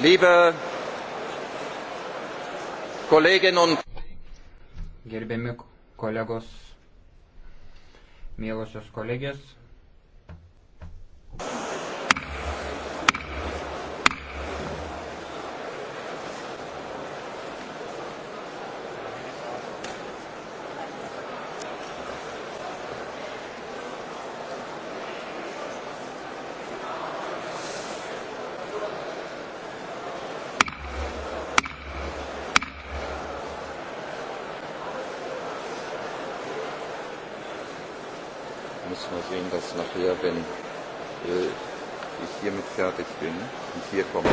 Liebe Kolleginnen und Gerbiami kolegos, mielosios kolegės, muss nur sehen, dass nachher, wenn äh, ich hiermit fertig bin und hier komme.